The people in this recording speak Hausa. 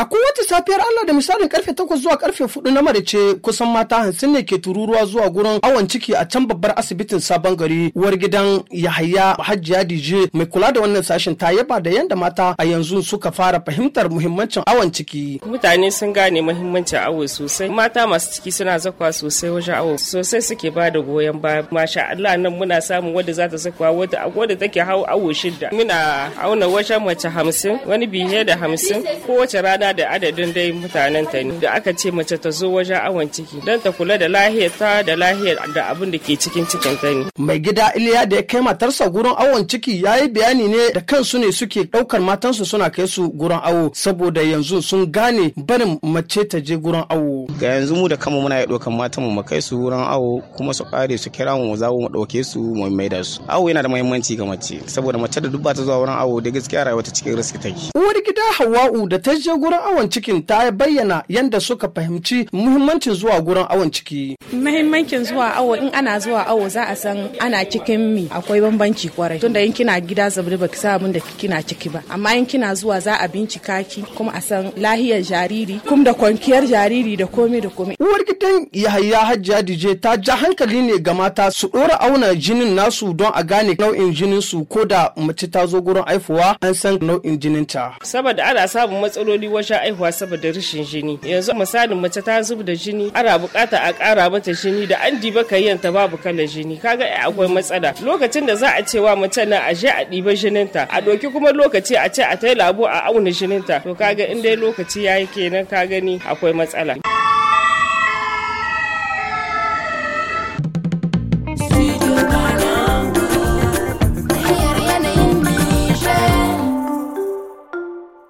A kowace safiyar Allah da misalin karfe takwas zuwa karfe hudu na marice kusan mata hamsin ne ke tururuwa zuwa gurin awon ciki a can babbar asibitin sabon gari uwar gidan Yahaya Hajjiya Dije mai kula da wannan sashen ta yaba da yanda mata a yanzu suka fara fahimtar muhimmancin awon ciki. Mutane sun gane muhimmancin awo sosai. Mata masu ciki suna zakwa sosai wajen awo sosai suke ba da goyon baya. Masha Allah nan muna samun wadda za ta zakwa wadda wadda take hau awo shida. Muna auna wajen mace hamsin wani biye da hamsin kowace rana da adadin dai mutanen ta ne da aka ce mace ta zo wajen awon ciki don ta kula da lahiyar ta da lahiyar da abin da ke cikin cikin ta ne. Mai gida Iliya da ya kai matarsa gurin awon ciki ya yi bayani ne da kansu ne suke ɗaukar matansu suna kai su gurin awo saboda yanzu sun gane barin mace ta je gurin awo. Ga yanzu mu da kanmu muna iya ɗaukar matan mu kai su gurin awo kuma su ƙare su kira mu za mu ɗauke su mu maida su. Awo yana da muhimmanci ga mace saboda mace da duk ba ta zuwa wurin awo da gaskiya rayuwa ta cikin riski take. Uwar gida Hawwa'u da ta je gurin wurin awon cikin ta bayyana yadda suka fahimci muhimmancin zuwa gurin awon ciki. Muhimmancin zuwa awo in ana zuwa awo za a san ana cikin mi akwai bambanci kwarai tunda in kina gida ba baki sa abin da kina ciki ba amma in kina zuwa za a bincika ki kuma a san lahiyar jariri kuma da kwankiyar jariri da komai da komai. Uwar gidan Yahaya Hajiya Dije ta ja hankali ne ga mata su dora auna jinin nasu don a gane nau'in jinin su ko da mace ta zo gurin aifuwa an san nau'in jinin ta. Saboda ana samun matsaloli wajen aihuwa saboda rashin jini yanzu misalin mace ta zub da jini ana bukata a kara mata jini da an diba kayyanta babu kalar jini kaga eh, akwai matsala lokacin da za a ce wa mace na a je a diba jininta a doki kuma lokaci a ce a tai labo a auna jininta to kaga in dai lokaci yayi kenan ka gani akwai matsala